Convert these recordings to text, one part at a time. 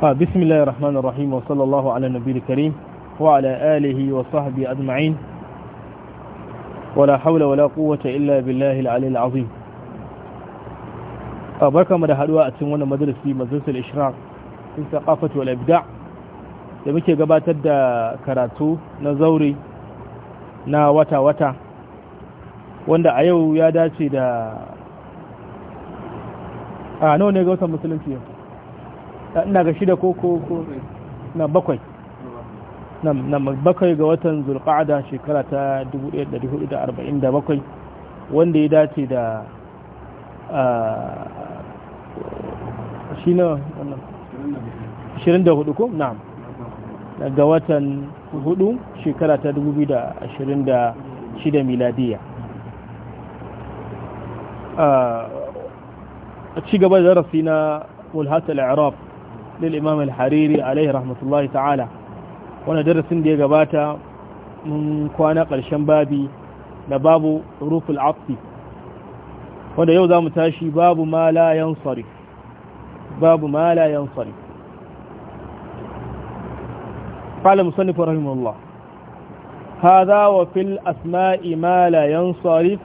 wa bismillahi rahmanir rahim wa sallallahu ala nabiyil karim wa ala alihi wa sahbi ajma'in wa la hawla wa la quwwata illa billahi al-'aliyyil 'azhim a barka mu da haduwa a cikin wannan madrasa bi mazalisul ishraq in saqafatu wal ibda' da muke gabatar da karatu na zauri na wata wata wanda a yau ya dace da a nono ne ina ga shida ko ko ko na bakwai na bakwai ga watan zulqa'ada shekara ta 1447 wanda ya dace da shi na 24 ko na'am ga watan 4 shekara ta 2026 miladiya a cigaba da zarafi na mulhatul al'arab للإمام الحريري عليه رحمة الله تعالى وانا درس دي قباتا من كوانا قرشان بابي لباب حروف العطف وانا يوضا متاشي باب ما لا ينصرف باب ما لا ينصرف قال مصنف رحمه الله هذا وفي الأسماء ما لا ينصرف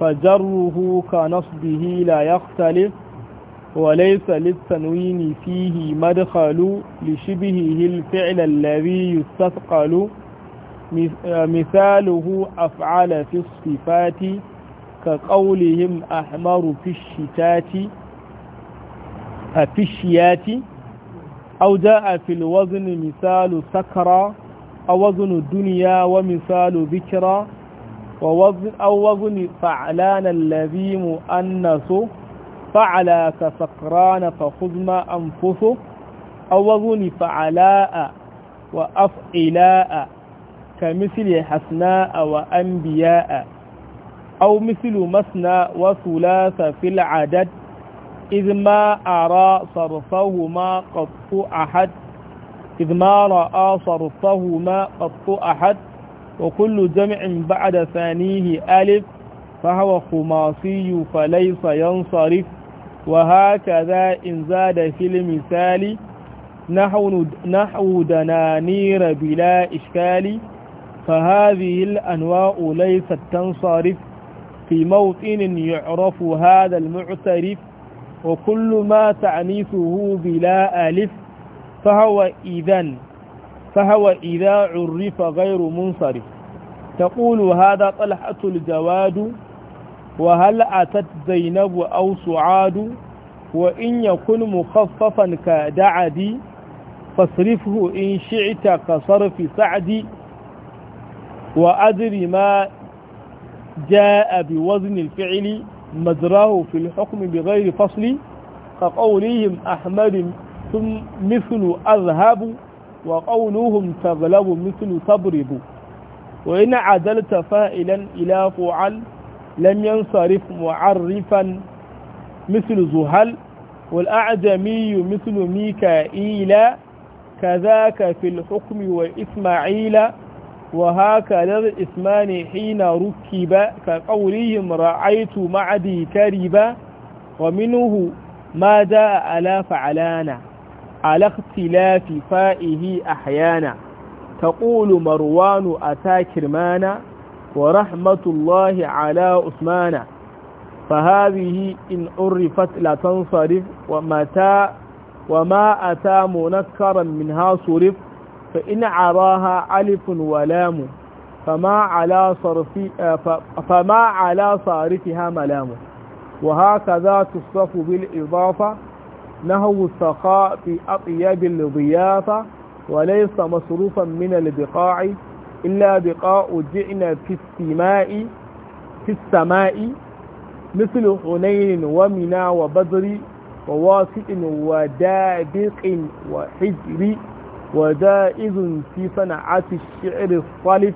فجره كنصبه لا يختلف وليس للتنوين فيه مدخل لشبهه الفعل الذي يستثقل مثاله أفعل في الصفات كقولهم أحمر في الشتات في الشيات أو جاء في الوزن مثال سكرى أو وزن الدنيا ومثال ذكرى أو وزن فعلان الذي مؤنثه فعلا كسكران فخذما أنفسه أو وزن فعلاء وأفعلاء كمثل حسناء وأنبياء أو مثل مثنى وثلاث في العدد إذ ما أرى صرفهما قط أحد إذ ما رأى صرفهما قط أحد وكل جمع بعد ثانيه ألف فهو خماسي فليس ينصرف وهكذا إن زاد في المثال نحو, نحو دنانير بلا إشكال فهذه الأنواء ليست تنصرف في موطن يعرف هذا المعترف وكل ما تعنيفه بلا ألف فهو إذا فهو إذا عرف غير منصرف تقول هذا طلحة الجواد وهل أتت زينب أو سعاد وإن يكن مخففا كدعدي فاصرفه إن شئت كصرف سعدي وأدري ما جاء بوزن الفعل مدراه في الحكم بغير فصل كقولهم أحمد ثم مثل أذهب وقولهم تغلب مثل تضرب وإن عدلت فائلا إلى فعل لم ينصرف معرفا مثل زهل والأعجمي مثل ميكائيل كذاك في الحكم وإسماعيل وهكذا الإثمان حين ركب كقولهم رأيت معدي كربا ومنه ما جاء ألا فعلانا على اختلاف فائه أحيانا تقول مروان أتى كرمانا ورحمة الله على عثمان فهذه إن عرفت لا تنصرف ومتى وما أتى منكرا منها صرف فإن عراها ألف ولام فما على صرف فما على صارفها ملام وهكذا تصرف بالإضافة نهو السخاء في أطيب الضيافة وليس مصروفا من البقاع illa biƙa ujina fi sama'i misil hunayin wa mina wa badiri wa wasiɗin wa daɗiƙin wa hijiri wa da'izun fi sana'ati shi'ir falif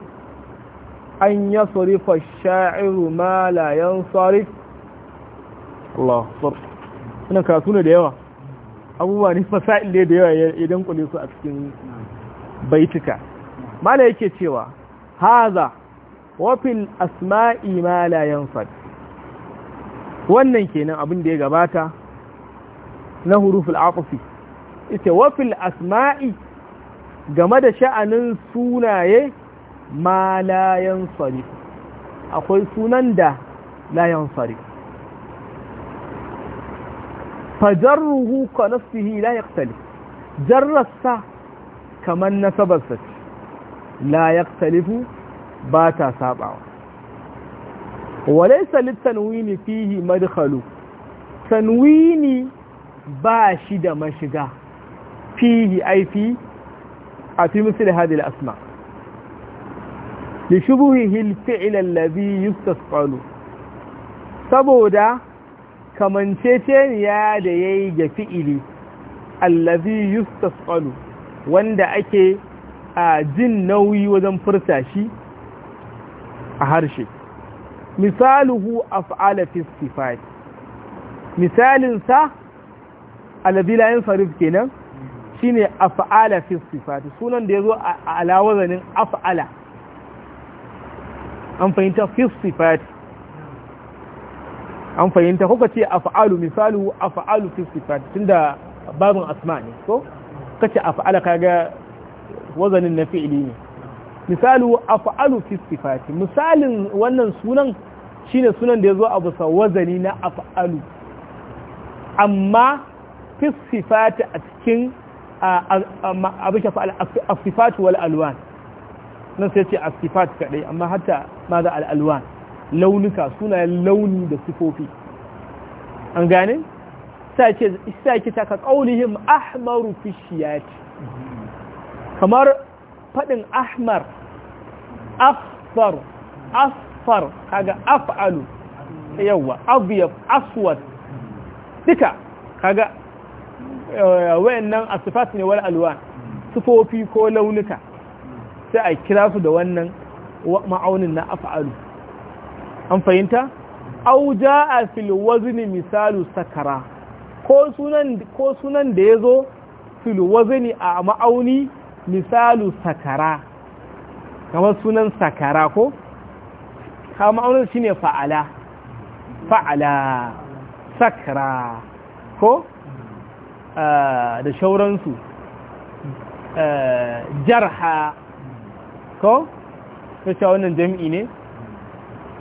an ya sarifa sha'iru ma layan sarif Allah sarfi suna kasu ne da yawa abubuwa nifa sa'il da yawa idan kule su a cikin baitika mala yake cewa haza wafil asma'i ma la yanfad wannan kenan abin da ya gabata na huruful aqfi ita wafil asma'i game da sha'anin sunaye ma la yanfad akwai sunan da la yansari fajarruhu ka nafsihi la yaqtali jarrasa kaman nasabarsa ce la yaktalifu ba ta sabawa walaysa litanwini fihi madhalu tanwini ba shi da mashiga fihi aifi a fi misali hadhihi asma li shubuhihi al-fi'l alladhi yustasqalu saboda kamanceceniya da yayi ga fi'ili allazi yustasqalu wanda ake a jin nauyi wajen furta shi a harshe misaluhu af'ala fi sifat misalin sa alladhi la yansarif kenan shine af'ala fi sifat sunan da yazo a alawazanin af'ala an fahimta fi sifat an fahimta kuka ce af'alu misaluhu af'alu fi tun tunda babin asma ne ko kace af'ala kaga wazanin na fi'ili ne misalu af'alu fi sifati misalin wannan sunan shine sunan da ya zo a bisa wazani na fa’alu amma fi sifati a cikin abin shafa al-sifatu wal alwan nan sai ce asifat kadai amma hatta ma za al'alwan launuka suna launi da sifofi an gane? sai ke ta ka ƙaunihim ahmaru fishiyati kamar faɗin ahmar afar afar kaga af'alu yawa abyab aswad duka kaga eh, wayannan asifat ne wal alwan sufofi ko launuka sai a kira su da wannan ma'aunin na af'alu an fahimta au ja'a fil wazni misalu sakara ko sunan ko sunan da yazo fil wazni a ma'auni misalu sakara kamar sunan sakara ko kama aunar shi ne fa'ala fa'ala sakara ko eh, da shauransu eh, jarha ko ta wannan jami'i ne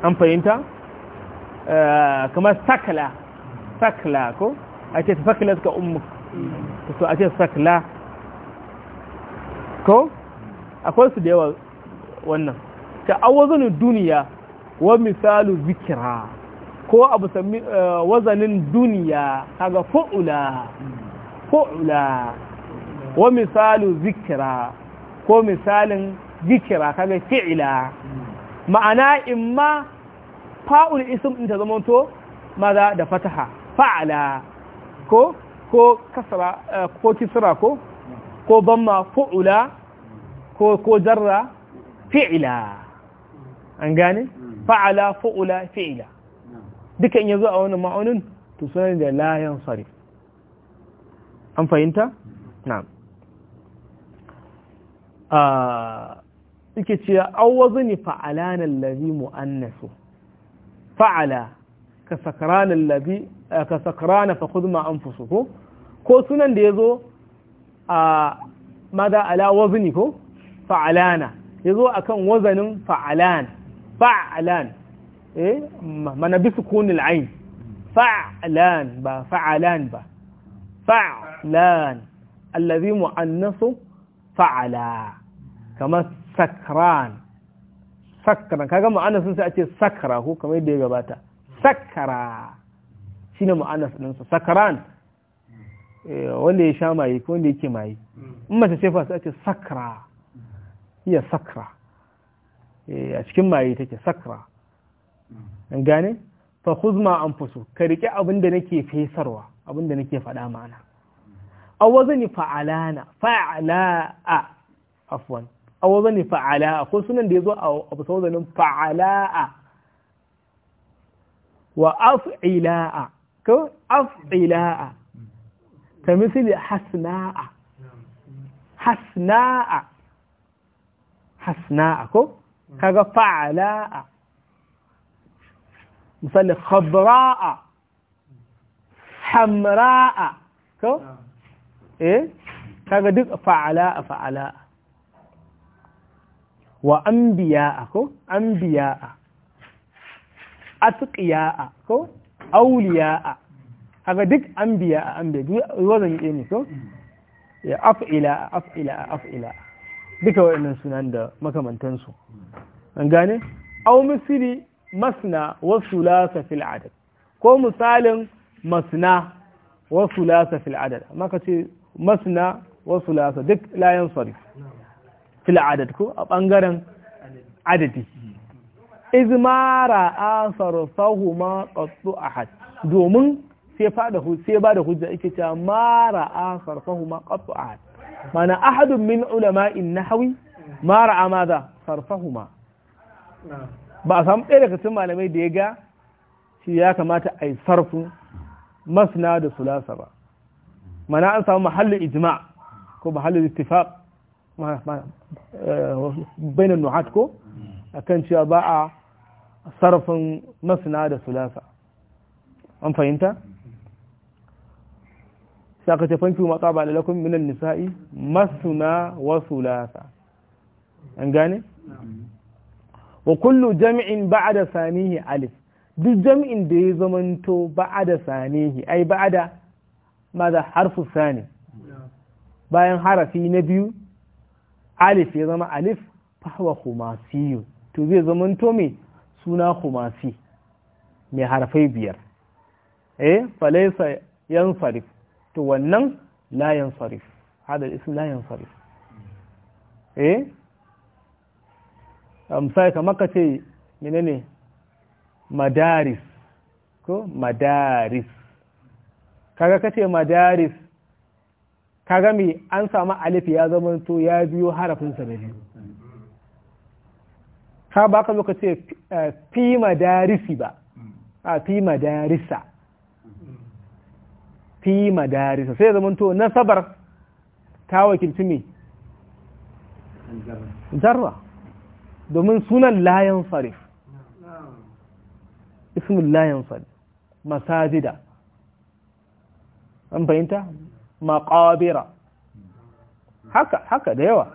an fahimta eh, kamar sakla sakla ko a ce sakla suka umu to a ce sakla ko akwai su da yawa wannan ta'awwazunin duniya wa misalu zikira ko abu sami eh, wazanin duniya kaga fa'ula fa'ula wa misalu zikira ko misalin zikira kaga fi'ila ma'ana imma fa'ul ism din ta to maza da fataha fa'ala ko ko kasra eh, ko kisra ko ko bamma fu'ula ko ko jarra fi'ila an gane fa'ala fu'ula fi'ila duka in yazo a wannan ma'aunin to sunan da la yansarif an fahimta na'am a ah, yake ce awwazni fa'alana allazi mu'annasu fa'ala ka sakrana allazi ka sakrana fa khudh ma anfusuhu ko sunan da yazo a maza ala wazni ko fa'alana yazo akan wazanin fa'alan fa'alan eh mana bi sukunil ain fa'alan ba fa'alan ba fa'alan allazi mu'annasu fa'ala kamar sakran sakran kaga mu'annasin sai a ce sakara ko kamar yadda ya gabata sakara shine mu'annas din sa sakran Eh, wanda ya sha maye ko wanda yake maye mm. in mace ce fasa ake sakra iya sakra eh, a cikin maye take sakra mm. an gane fa khuzma anfusu ka rike abin da nake fesarwa abin da nake faɗa ma'ana a wazani fa'alana fa'ala'a afwan a wazani fa'ala'a ko sunan da ya zo a abu wazanin fa'ala'a wa af'ila'a ko af'ila'a كمثل حسناء حسناء حسناء كو كذا فعلاء مثل خضراء حمراء كو ايه كذا دك فعلاء فعلاء وانبياء كو انبياء اتقياء كو اولياء haka duk an biya a an biya wazan yi ne so mm. ya af'ila af'ila af'ila duka waɗannan sunan da makamantansu an gane aw misri masna wa thulatha fil adad ko misalin masna wa thulatha fil adad amma kace masna wa thulatha duk layan sarif fil adad ko a bangaren adadi izmara asar sahuma qattu ahad domin sai fada sai bada hujja yake cewa ma ra'a sarfahuma qat'an mana ahadun min ulama'in nahwi ma ra'a sarfahuma ba a samu ɗaya daga cikin malamai da ya ga shi ya kamata a yi sarfin masna da sulasa ba mana an samu mahallin ijma ko mahallin ittifaq eh, bainan nuhat ko akan cewa ba a sarfin masna da sulasa an fahimta saka aka ce fanki ma qaba lakum minan nisa'i masuna wa sulasa an gane wa kullu jam'in ba'da sanihi alif duk jam'in da ya zamanto ba'da sanihi ai ba'da da harfu sani bayan harafi na biyu alif ya zama alif fahwa khumasiyu to zai zamanto me suna khumasi mai harfai biyar eh falaysa yansarif to wannan la yansarif hada ism la yansarif eh misali kamar ka ce menene madaris ko madaris kaga kace madaris kaga mi an samu alif ya zama to ya biyo harafin sa ne biyu ka ba ka zo ka ce eh, fi madarisi ba a fi madarisa fi madarisa sai zama to nasabar ta wakilci me jarra domin sunan layan sarif ismin layan sarif masajida an fahimta maƙabira haka haka da yawa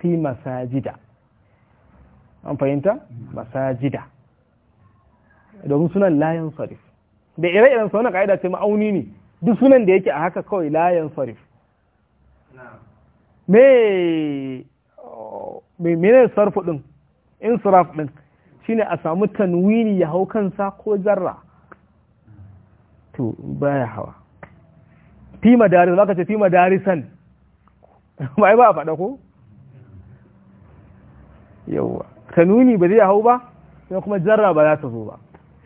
fi masajida an fahimta masajida domin sunan layan sarif da ire-iren sauna ka'ida ce ma'auni ne duk sunan da yake a haka kawai layan sarif me mene sarfu din insiraf din shine a samu tanwini ya hau kansa ko zarra to baya hawa fi madaris zaka ce fi madarisan bai ba a faɗa ko Yauwa, tanwini ba zai hau ba sai kuma zarra ba za ta zo ba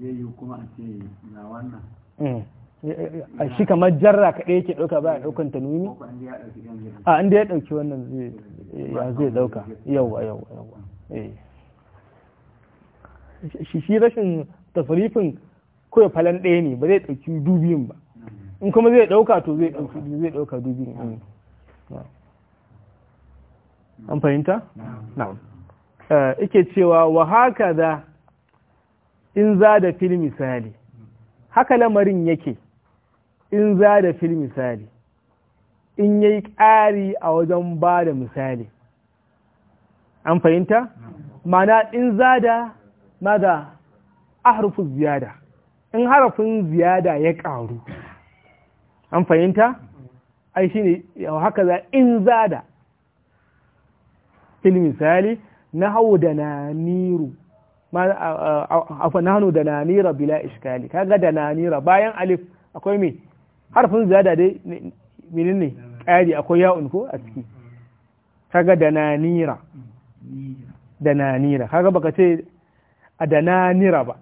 zai yi kuma a ce wannan eh, eh, eh, shi kamar jarra kaɗai yake ɗauka ba a ɗaukan nuni, a inda ya ɗauki wannan zai ɗauka yawwa yawwa. yawa shi shi rashin tasarifin kawai falon ɗaya ne ba zai ɗauki dubiyun ba hmm. in kuma zai ɗauka to zai ɗauka dubiyin hmm. hmm. an fahimta? na'am ike cewa wa haka da. in za da fil misali haka lamarin yake in za da fil misali in ya yi ƙari a wajen ba da misali an fahimta mana in za da maza harfin ziyada in harafin ziyada ya ƙaru an fahimta ai shine haka za in za da fil misali na hau da na niru afa nahnu da nanira bila iskali kaga da nanira bayan alif akwai me harfin zada dai menene ne ƙari akwai ya'un ko a ciki kaga da nanira da nanira kaga baka ce a da nanira ba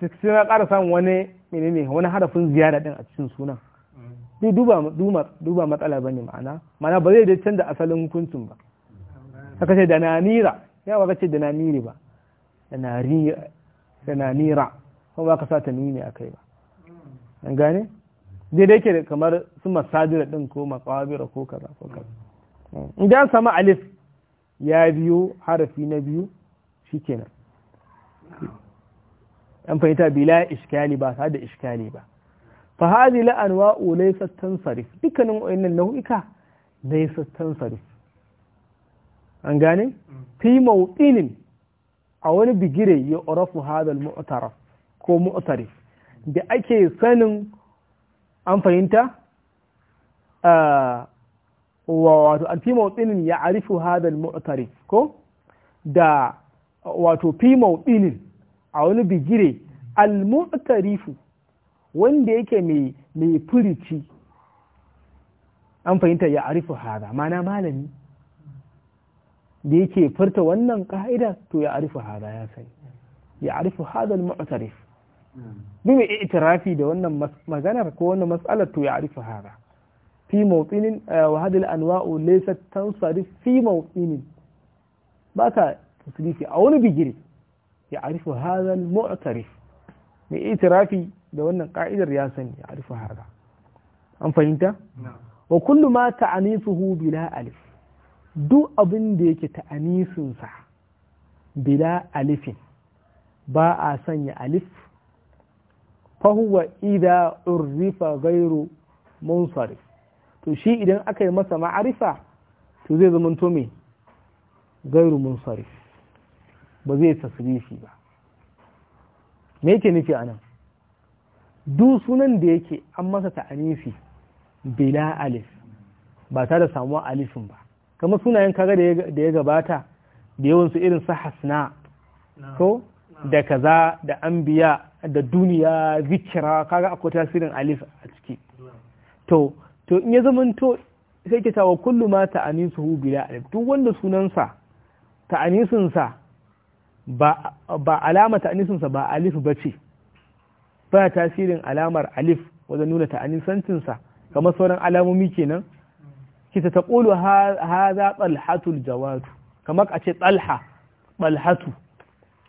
sai na ƙara samun wani menene wani harfin ziyada din a cikin sunan dai duba matsala bane ma'ana ma'ana ba zai dai canza asalin hukuncin ba kaga ce da nanira ya ba ka ce da naniri ba da nira kuma ba ka sa ta nini a kai ba an gane daidai ke kamar su masajira din ko makawabira ko kaza ko kaza eh, idan sama alif ya biyo harafi na biyu shikenan an fahimta bila iskali ba tare da iskali ba fa hadi la anwa'u laysa tansarif dukkanin wayannan nau'ika laysa tansarif an gane mm. fi mawdinin a wani bigire ya orafu hadal mutara ko mutari da ake sanin an fahimta wato an fi ya arifu hadal mutari ko da wato fi mawtsinin a wani bigire al-mu'tarifu wanda yake mai mai furici an fahimta ya arifu hada mana malami da yake furta wannan ka'ida to ya arifu hada ya sani ya arifu hada al-mu'tarif bi mai itirafi da wannan magana ko wannan mas'ala to ya arifu hada fi mawqinin wa hadhihi al-anwa'u laysat tansarif fi mawqinin baka tusrifi a wani bigiri ya arifu hada al-mu'tarif mai itirafi da wannan ka'idar ya sani ya arifu hada an fahimta wa kullu ma ta'anifuhu bila alif duk abin da yake ta'anisinsa bila alifin ba a sanya alif fahuwa idha urrifa gairu munsarif to shi idan aka yi masa ma'arifa to zai zama to me gairu munsarif ba zai shi ba me yake nufi anan duk sunan da yake an masa ta'anisi bila alif ba ta da samuwa alifin ba kamar sunayen kaga da ya gabata da yawansu irin su hasna ko da kaza da anbiya da duniya zikira kaga akwai tasirin alif a ciki to to in ya to sai ke tawa kullu ma ta'anisuhu bila alif duk wanda sunansa ta'anisinsa ba ba alama ta'anisinsa ba alif bace ba tasirin alamar alif wajen nuna ta'anisancinsa kamar sauran alamomi kenan kita ta ƙulu ha za ɓalhatul jawatu kamar a ce ɓalha ɓalhatu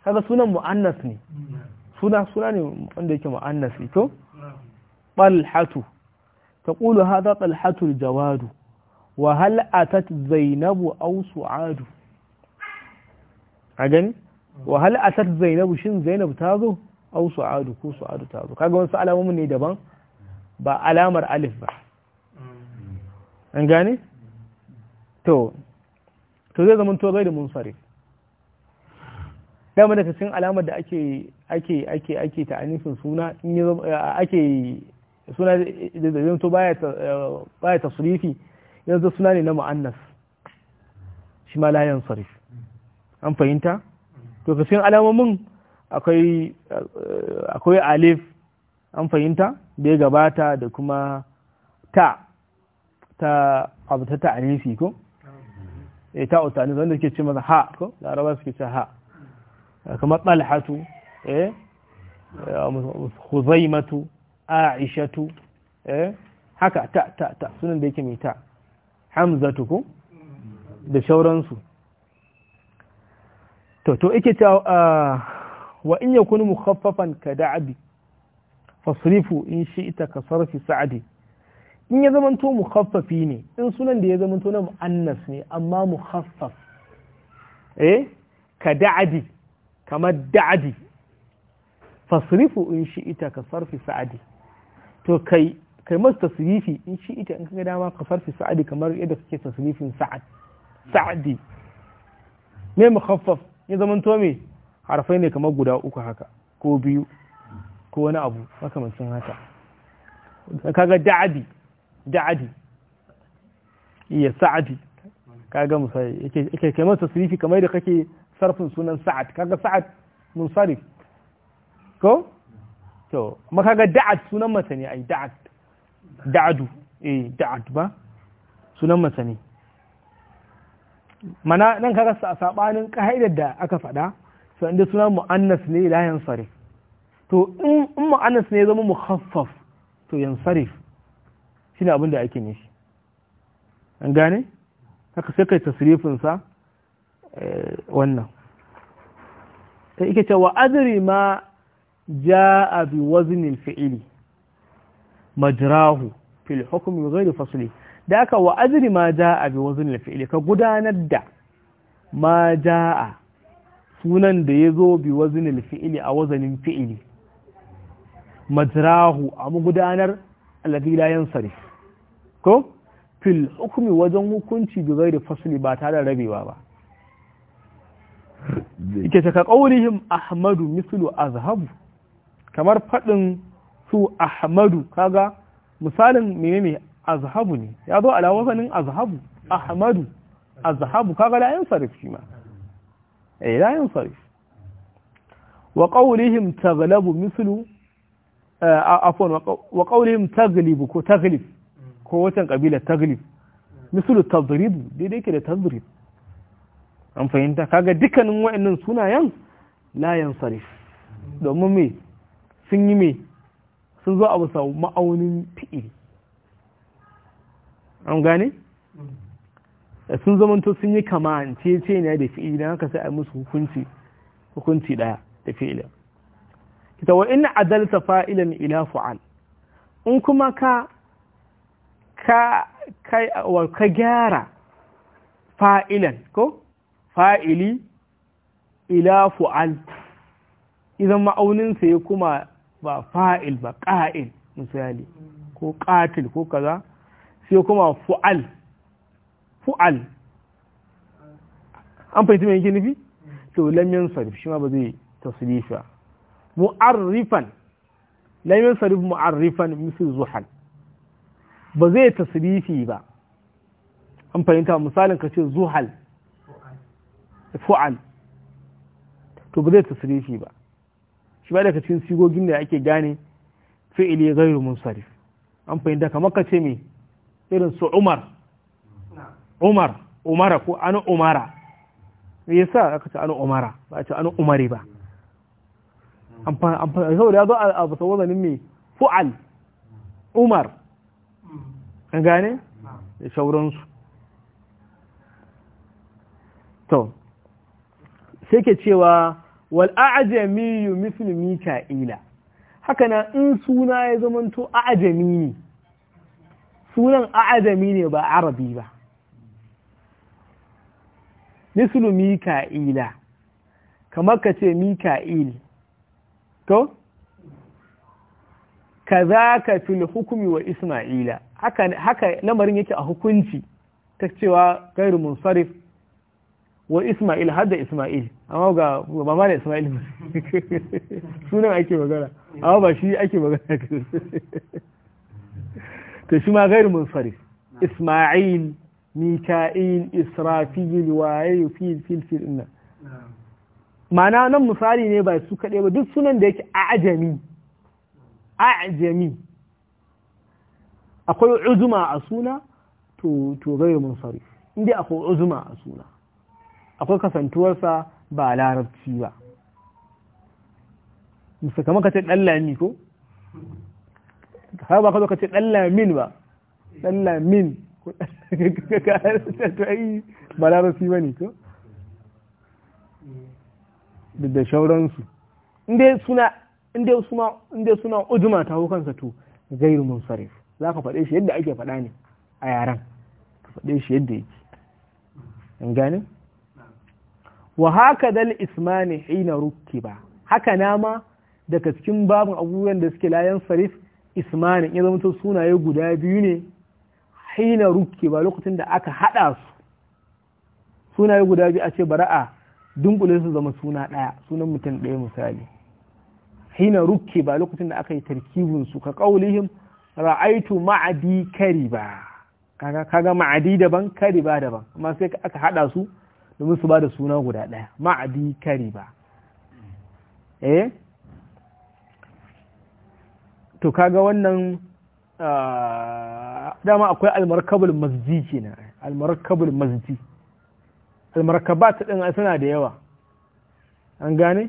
kaga sunan mu'annas ne suna suna ne wanda yake mu'annas ito ɓalhatu ta ƙulu ha za ɓalhatul jawadu wa hal atat zainabu au su'adu a gani wa hal atat zainabu shin zainabu ta zo au su'adu ko su'adu ta zo kaga wasu alamomin ne daban ba alamar alif ba an gane to to zai zama to gaidu munsarif dama daga cikin alamar da ake ake ake ake ta anifin suna in yi ake suna da zai to baya baya tasrifi yanzu suna ne na mu'annas shi ma la yansarif an fahimta to ka cikin alamomin akwai akwai alif an fahimta da ya gabata da kuma ta ta abu ta ta'arifi ko e ta utani wanda ke ce masa ha ko laraba suke ce ha kamar talhatu eh khuzaimatu aishatu eh haka ta ta ta sunan da yake mai ta hamzatu ko da shauransu to to yake ta ah, wa in yakunu mukhaffafan ka da'abi fasrifu in shi'ta ka sarfi sa'adi in ya zama to mukhaffafi ne in sunan da ya zama to na mu'annas ne amma mukhaffaf eh ka da'adi kamar da'adi fasrifu in shi ita ka sarfi sa'adi to kai kai masu tasrifi in shi ita in kaga dama ka sarfi sa'adi kamar yadda kake tasrifin sa'ad sa'adi me mukhaffaf ya to me harfai ne kamar guda uku haka ko biyu ko wani abu makamancin haka kaga da'adi da adi iya sa'adi kaga musari yake kai masa sirifi kamar da kake sarfin sunan sa'ad kaga sa'ad munsarif ko to amma kaga da'ad sunan masa ne ai da'ad da'adu eh da'ad ba sunan masa ne mana nan kaga sa sabanin ka'idar da aka faɗa to inda sunan mu'annas ne la yansarif to in mu'annas ne zama mukhaffaf to yansarif ne abin da ake nishi an gane haka sai kai tasrifin sa eh, wannan sai yake cewa adri ma jaa bi wazni fi'ili. fili majrahu fil hukm bi ghairi fasli da aka wa adri ma jaa bi wazni fi'ili. fili ka gudanar da ma jaa sunan da ya zo bi wazinin fi'ili a wazanin fi'ili majrahu a gudanar alladhi la yansarif to fil hukumi wajen hukunci bi da fasuli ba tare da rabewa ba ita ta ka ahmadu mislu azhabu kamar fadin su ahmadu kaga misalin menene azhabu ne ya zo ala wazanin azhabu ahmadu azhabu kaga la sarif shi ma eh la sarif wa qawlihim taghlabu mislu eh, afwan wa qawlihim taghlibu ko taghlibu ko wancan ƙabilar taglif misalu tadribu daidai ke da tadrib an fahimta kaga dukkanin wa'annan sunayen layan sarif domin me sun yi me sun zo a bisa ma'aunin fi'i. an gane sun zamanto sun yi kama ce ce ne da fi'i don haka sai a musu hukunci hukunci daya da fi'il kita wa inna adalta fa'ilan ila fu'al in kuma ka ka ka gyara fa'ilan ko fa'ili ila fu'al idan ma'auninsa ya kuma ba fa'il ba ƙa'il misali ko ƙatil ko kaza sai kuma fu'al fu'al an fahimci mai yake nufi to lamyan sarif shi ma ba zai tasirifa mu'arrifan lamyan sarif mu'arrifan misil zuhal ba zai tasrifi ba an fahimta misalin ka ce zuhal fu'al to ba zai tasrifi ba shi ba daga cikin sigogin da ake gane fi'ili mun sarif an fahimta kamar ka ce me irin su umar umar umara ko an umara me yasa aka ce an umara ba a ce an umari ba amfani saboda ya zo a bisa wazanin me fu'al umar an gane da sauransu to sai ke cewa wal yu mithlu mika'ila haka na in suna ya zamanto a'jami ne sunan a'jami ne ba arabi ba mithlu mika'ila kamar ka ce mika'il to kazaka fil hukmi wa isma'ila haka lamarin yake a hukunci ta cewa gairu munsarif wa Ismail hadda Ismail amma ga ba ma da Ismail sunan ake magana amma ba shi ake magana to shi ma gairu munsarif Ismail Mika'il Israfil waye fil fil fil inna ma'ana nan misali ne ba su kaɗai ba duk sunan da yake ajami ajami akwai uzuma a suna to to gairu munsarif inda akwai uzuma a suna akwai kasantuwarsa ba larabci ba musu kamar ka ce dan lami ko har ba ka zo ka ce dan lamin ba dan lamin ko to ai ba larabci bane ko da shauransu inda suna inda suna inda suna uzuma ta hukansa to gairu mun munsarif za ka faɗe shi yadda ake faɗa ne a yaren ka faɗe shi yadda yake an gane wa haka dal ismani hina rukiba haka nama daga cikin babin abubuwan da suke layan sarif ismani ya zama sunaye guda biyu ne hina rukiba lokacin da aka haɗa su sunaye guda biyu a ce bara'a dunkule su zama suna ɗaya sunan mutum ɗaya misali hina rukiba lokacin da aka yi tarkibin su ka ƙaulihim ra'aitu ma'adi kariba kaga kaga ma'adi daban kariba daban amma sai aka hada su domin su ba da suna guda daya ma'adi kariba eh to kaga wannan ah, dama akwai almarkabul masji kenan almarkabul masji almarkabat din suna da yawa an gane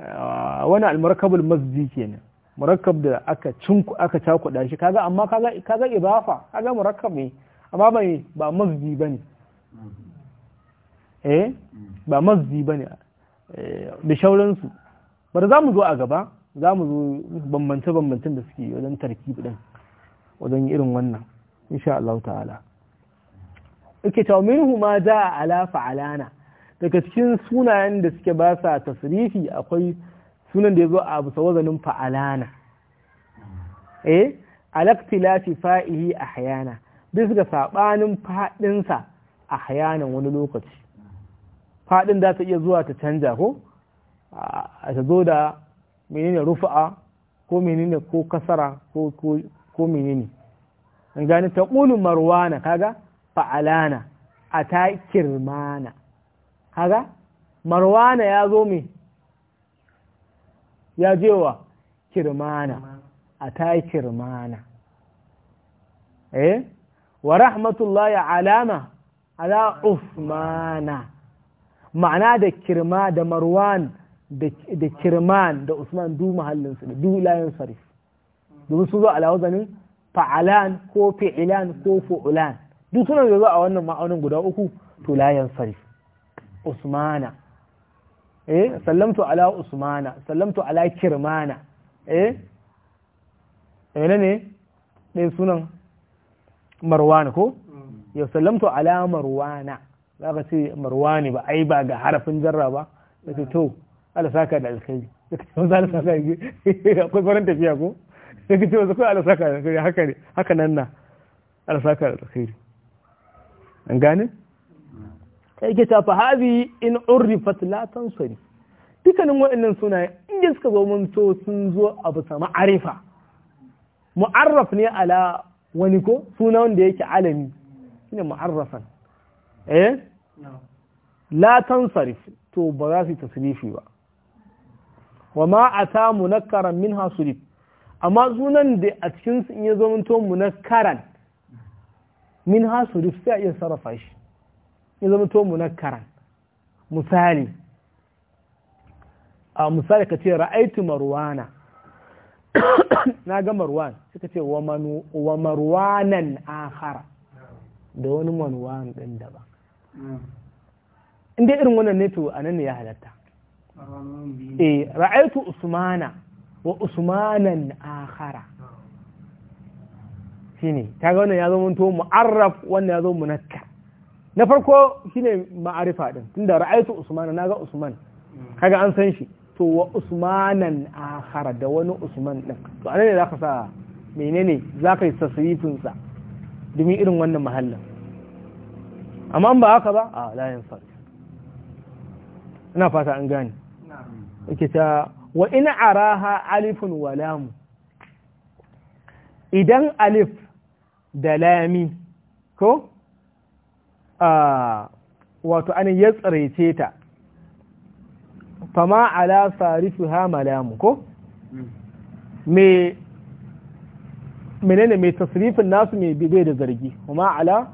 ah, wani almarkabul masji kenan murakkab da aka cinku aka cakuɗa shi kaga amma kaga kaga ibafa kaga murakkab ne amma bai ba mazdi bane eh ba mazdi bane eh, da shauransu bar za mu zo a gaba za mu zo bambance bambancin da suke wajen tarkibi din wajen irin wannan insha Allah ta'ala yake ta minhu ma jaa ala fa'alana daga cikin sunayen da suke ba sa tasrifi akwai sunan da ya zo a abu wazanin fa'alana eh alaktilafi fa'ihi a hayana bis ga saɓanin faɗinsa a hayanan wani lokaci faɗin za ta iya zuwa ta canja ko a ta zo da menene rufa'a ko menene ko kasara ko menene an gani ta ƙulu marwana kaga fa'alana a ta kirmana kaga marwana ya zo mai ya je wa kirmana a ta kirmana eh wa rahmatullahi alama ala usmana ma'ana da kirma da marwan da kirman da usman du mahallinsu da du layin sarif domin su zo ala lawazanin fa'alan ko fi'ilan ko fu'ulan duk suna da zo a wannan ma'aunin guda uku to layin sarif usmana eh sallamtu ala usmana sallamtu ala kirmana eh ne ne ɗaya sunan marwana ko mm. yau sallamtu ala marwana za ka ce marwani ba ai ba ga harafin jarra ba da ce to ala saka da alkhairi da ka ce akwai farin tafiya ko da ka ce wanzu kawai saka da alkhairi haka nan na ala saka da alkhairi an gane yake ta fahabi in urrifat la tansari dukkanin waɗannan sunaye inda suka zo mun to sun zo a bisa ma'arifa mu'arraf ne ala wani ko suna wanda yake alami shine mu'arrafan eh la tansarif to ba za su tasrifi ba wa ma ata munakkaran minha sulif amma sunan da a cikin su in ya zo mun to munakkaran min hasurif sai a iya sarrafa shi ya zama to munakkara misali a misali ka ce ra'aitu marwana na ga marwan suka ce wa marwanan akhara da wani marwan din daban inda irin wannan ne to anan ya halatta eh ra'aitu usmana wa usmanan akhara shine kaga wannan ya zama to mu'arraf wannan ya zo munakkar na farko shine ma'arifa din tunda ra'aitu usmana ga usman kaga an san shi to wa usmanan akhara da wani usman din to anan ne zaka sa menene zaka yi tasrifin sa domin irin wannan mahallin amma ba haka ba a la yanfa ina fata an gane yake ta wa in araha alifun wa idan alif da lami ko wato an ya tsarece ta fama ala sarifu ha malamu ko me menene mai tasrifin nasu mai bibe da zargi kuma ala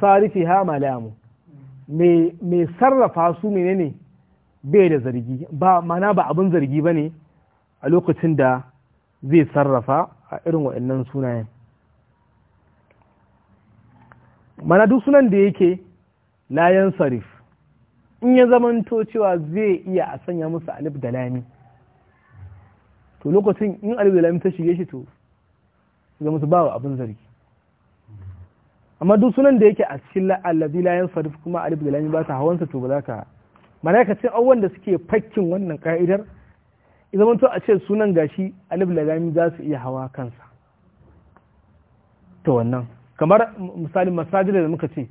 sarifi ha malamu mai sarrafa su menene bai da zargi ba mana ba abin zargi ba ne a lokacin da zai sarrafa a irin waɗannan sunayen mana duk sunan da yake layan sarif in ya zamanto cewa zai iya a sanya musu alif da lami to lokacin in alif da lami ta shige shi to ga musu bawa abin zargi amma duk sunan da yake a cikin allazi layan sarif kuma alif da lami ba ta hawansa to ba za ka mana ka abubuwan da suke fakkin wannan ka'idar idan to a ce sunan gashi alif da lami za su iya hawa kansa to wannan kamar misali masajid da muka ce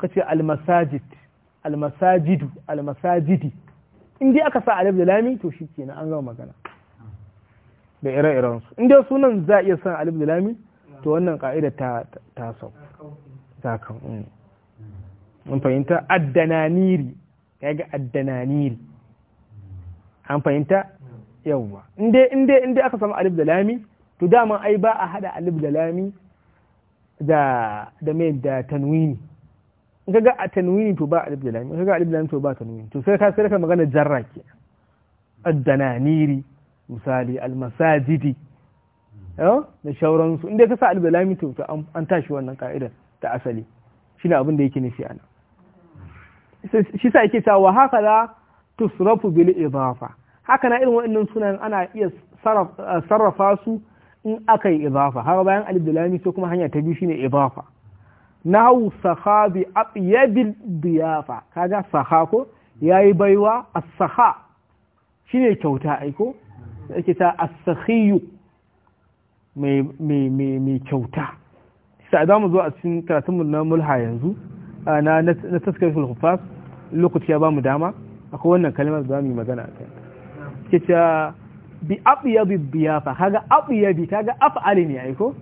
ka ce almasajid almasajidu almasajidi in dai aka sa alif da lami to shi an gama magana da ire-iren su in dai sunan za a iya san alif da lami to wannan ka'ida ta ta sau ta kan mm. mun fahimta addananiri kaga addananiri an fahimta yawwa in in dai aka samu alif da lami to dama ai ba a hada alif da lami da da mai da tanwini in kaga a tanwini to ba alif da lam in kaga alif da lam to ba tanwini to sai ka sai ka magana jarra ke ad-dananiri misali al-masajidi eh, da su inda ka sa alif da lam to an tashi wannan ka'idar ta asali shine abin da yake nufi ana shi sa yake cewa haka da tusrafu bil idafa haka na irin waɗannan sunan ana iya sarrafa su in aka yi idafa har bayan Ali da lami sai kuma hanya ta biyu shine idafa nahu sahabi bi diyafa kaga saha ko yayi baiwa as-saha shine kyauta aiko ake ta as-sakhiyu mai mai mai kyauta sai da mu zo a cikin karatunmu na mulha yanzu na na taskaratul khufas lokaci ya bamu dama akwai wannan kalmar da mu magana akai bi abyadi diyafa kaga abyadi kaga af'ali ne ai ko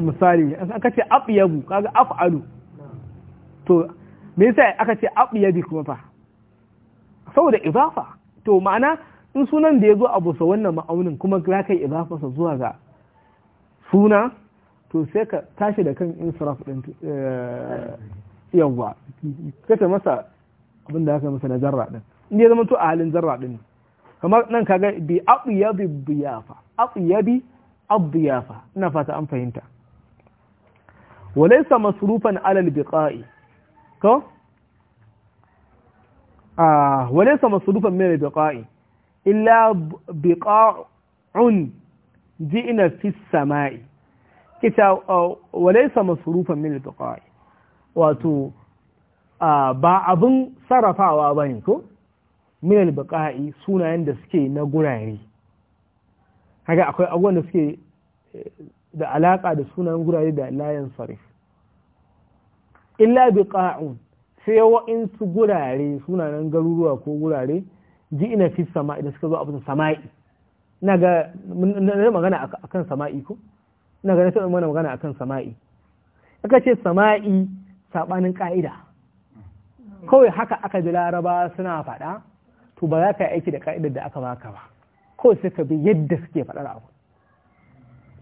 misali aka ce abyabu kaga af'alu to me yasa aka ce abyadi kuma fa saboda idafa to ma'ana in sunan da ya zo abu sa wannan ma'aunin kuma za ka yi sa zuwa ga suna to sai ka tashi da kan din eh yawa sai ta masa abin da aka masa na zarra din in ya zama to a halin zarra ne kamar nan kaga bi abiyabi biyafa abiyabi abdiyafa ina fata an fahimta walaysa masrufan ala albiqa'i ko ah walaysa masrufan min albiqa'i illa biqa'un ji'na fi as-sama'i kita ah, walaysa masrufan min albiqa'i wato ah, ba abun sarrafawa bane ko minal baqa'i sunayen da suke na gurare haka akwai abubuwan da suke eh, da alaka da sunayen gurare da layan sarif illa biqa'un sai in su gurare sunayen garuruwa ko gurare ji ina fi sama'i da suka zo abin sama'i ina ga na magana akan sama'i ko ina ga na taɓa mana magana akan sama'i aka ce sama'i saɓanin ƙa'ida kawai haka aka ji laraba suna faɗa to ba za ka yi aiki da ka'idar da aka baka ba ko sai ka bi yadda suke faɗar abu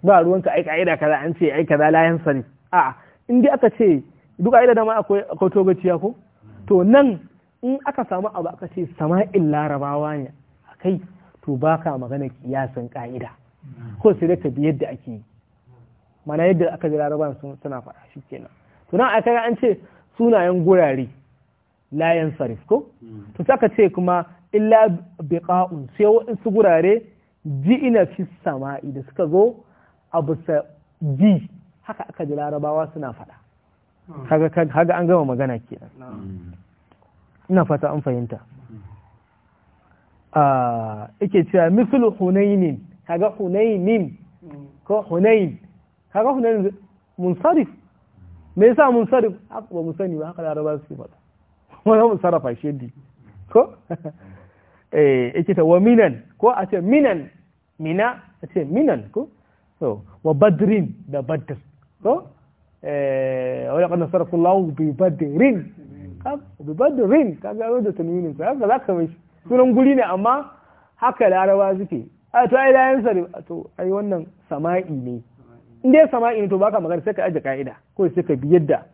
ba ruwan ka aika aida kaza an ce ai kaza layan sani a in dai aka ce duk aida da ma akwai akwai togaciya ko to nan in aka samu abu aka ce sama'in larabawa ne akai to baka magana kiyasan ka'ida ko sai ka bi yadda ake yi mana yadda aka ji Larabawa suna faɗa shi kenan to nan aka an ce sunayen gurare layan sarif ko hmm. to saka ce kuma illa biqa'un sai waɗansu gurare ji ina fi sama'i da suka zo a bisa ji haka aka ji larabawa suna faɗa kaga an gama magana kenan ina fata an fahimta ah, yake cewa mislu hunainin kaga hunainin ko hunain kaga hunain munsarif me yasa munsarif ba mu sani ba haka larabawa su faɗa wani mun sarrafa shi yadda ko eh ita ta wa minan ko a ce minan mina a ce minan ko so wa badrin da badr ko eh wala kana nasaraku Allah bi badrin ka bi badrin ka ga da tanwinin ka ga zaka mai sunan guri ne amma haka laraba suke a to ai layan sari to ai wannan sama'i ne in dai sama'i ne to baka magana sai ka aje ka'ida ko sai ka bi yadda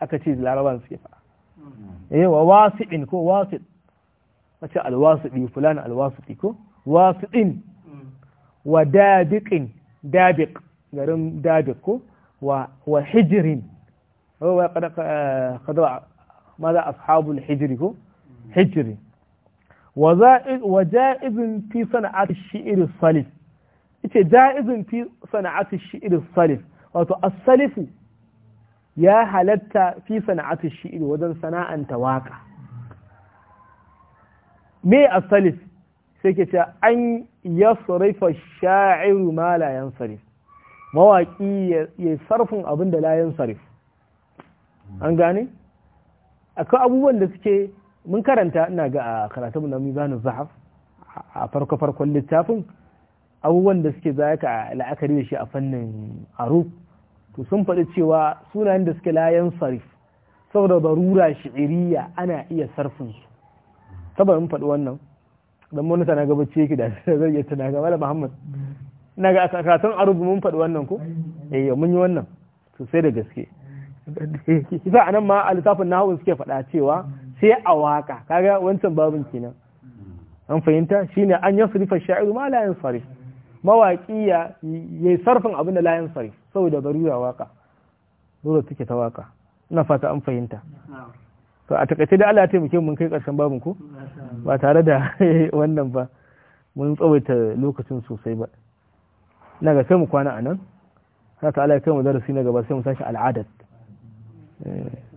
aka ce laraban suke fa hmm. eh wa wasi'in ko wasi' mace alwasiɗi fulani alwasiɗi ko wasiɗin wa dabiƙin dabiq garin dabiq ko wa hijirin wa kada maza ashabul hijiri ko hijiri wa ja'izin fi sana'at shi'ir salif ita ja'izin fi sana'at shi'ir salif wato as-salifu ya halatta fi sana'at shi'ir wajen sana'anta waka me asalif sai ke ce an yasrifa sha'iru ma layan yansarif mawaƙi ya sarfin abin da layan an gane akwai abubuwan da suke mun karanta ina ga a karatun na mizanin zahaf a farko farkon littafin abubuwan da suke zaya ka la'akari da shi a fannin aruf to sun faɗi cewa sunayen da suke layan sarif saboda barura shi'iriya ana iya sarfin su saboda mun faɗi wannan dan mun tana ga bacci yake da zai iya tana ga malam Muhammad na ga karatun arubu mun faɗi wannan ko eh mun yi wannan sosai da gaske isa anan ma a littafin nahawun suke faɗa cewa sai a waka kaga wancan babin kenan an fahimta shine an yasrifa sha'iru ma la yansarif mawaki ya yi sarfin abin da la yansarif saboda ya waka dole take ta waka ina fata an fahimta to a takaice da Allah ya taimake mun kai karshen babun ku ba tare da wannan ba mun tsawaita lokacin sosai ba ina ga sai mu kwana anan haka Allah ya kai mu darasi na gaba sai mu sashi al'adat eh.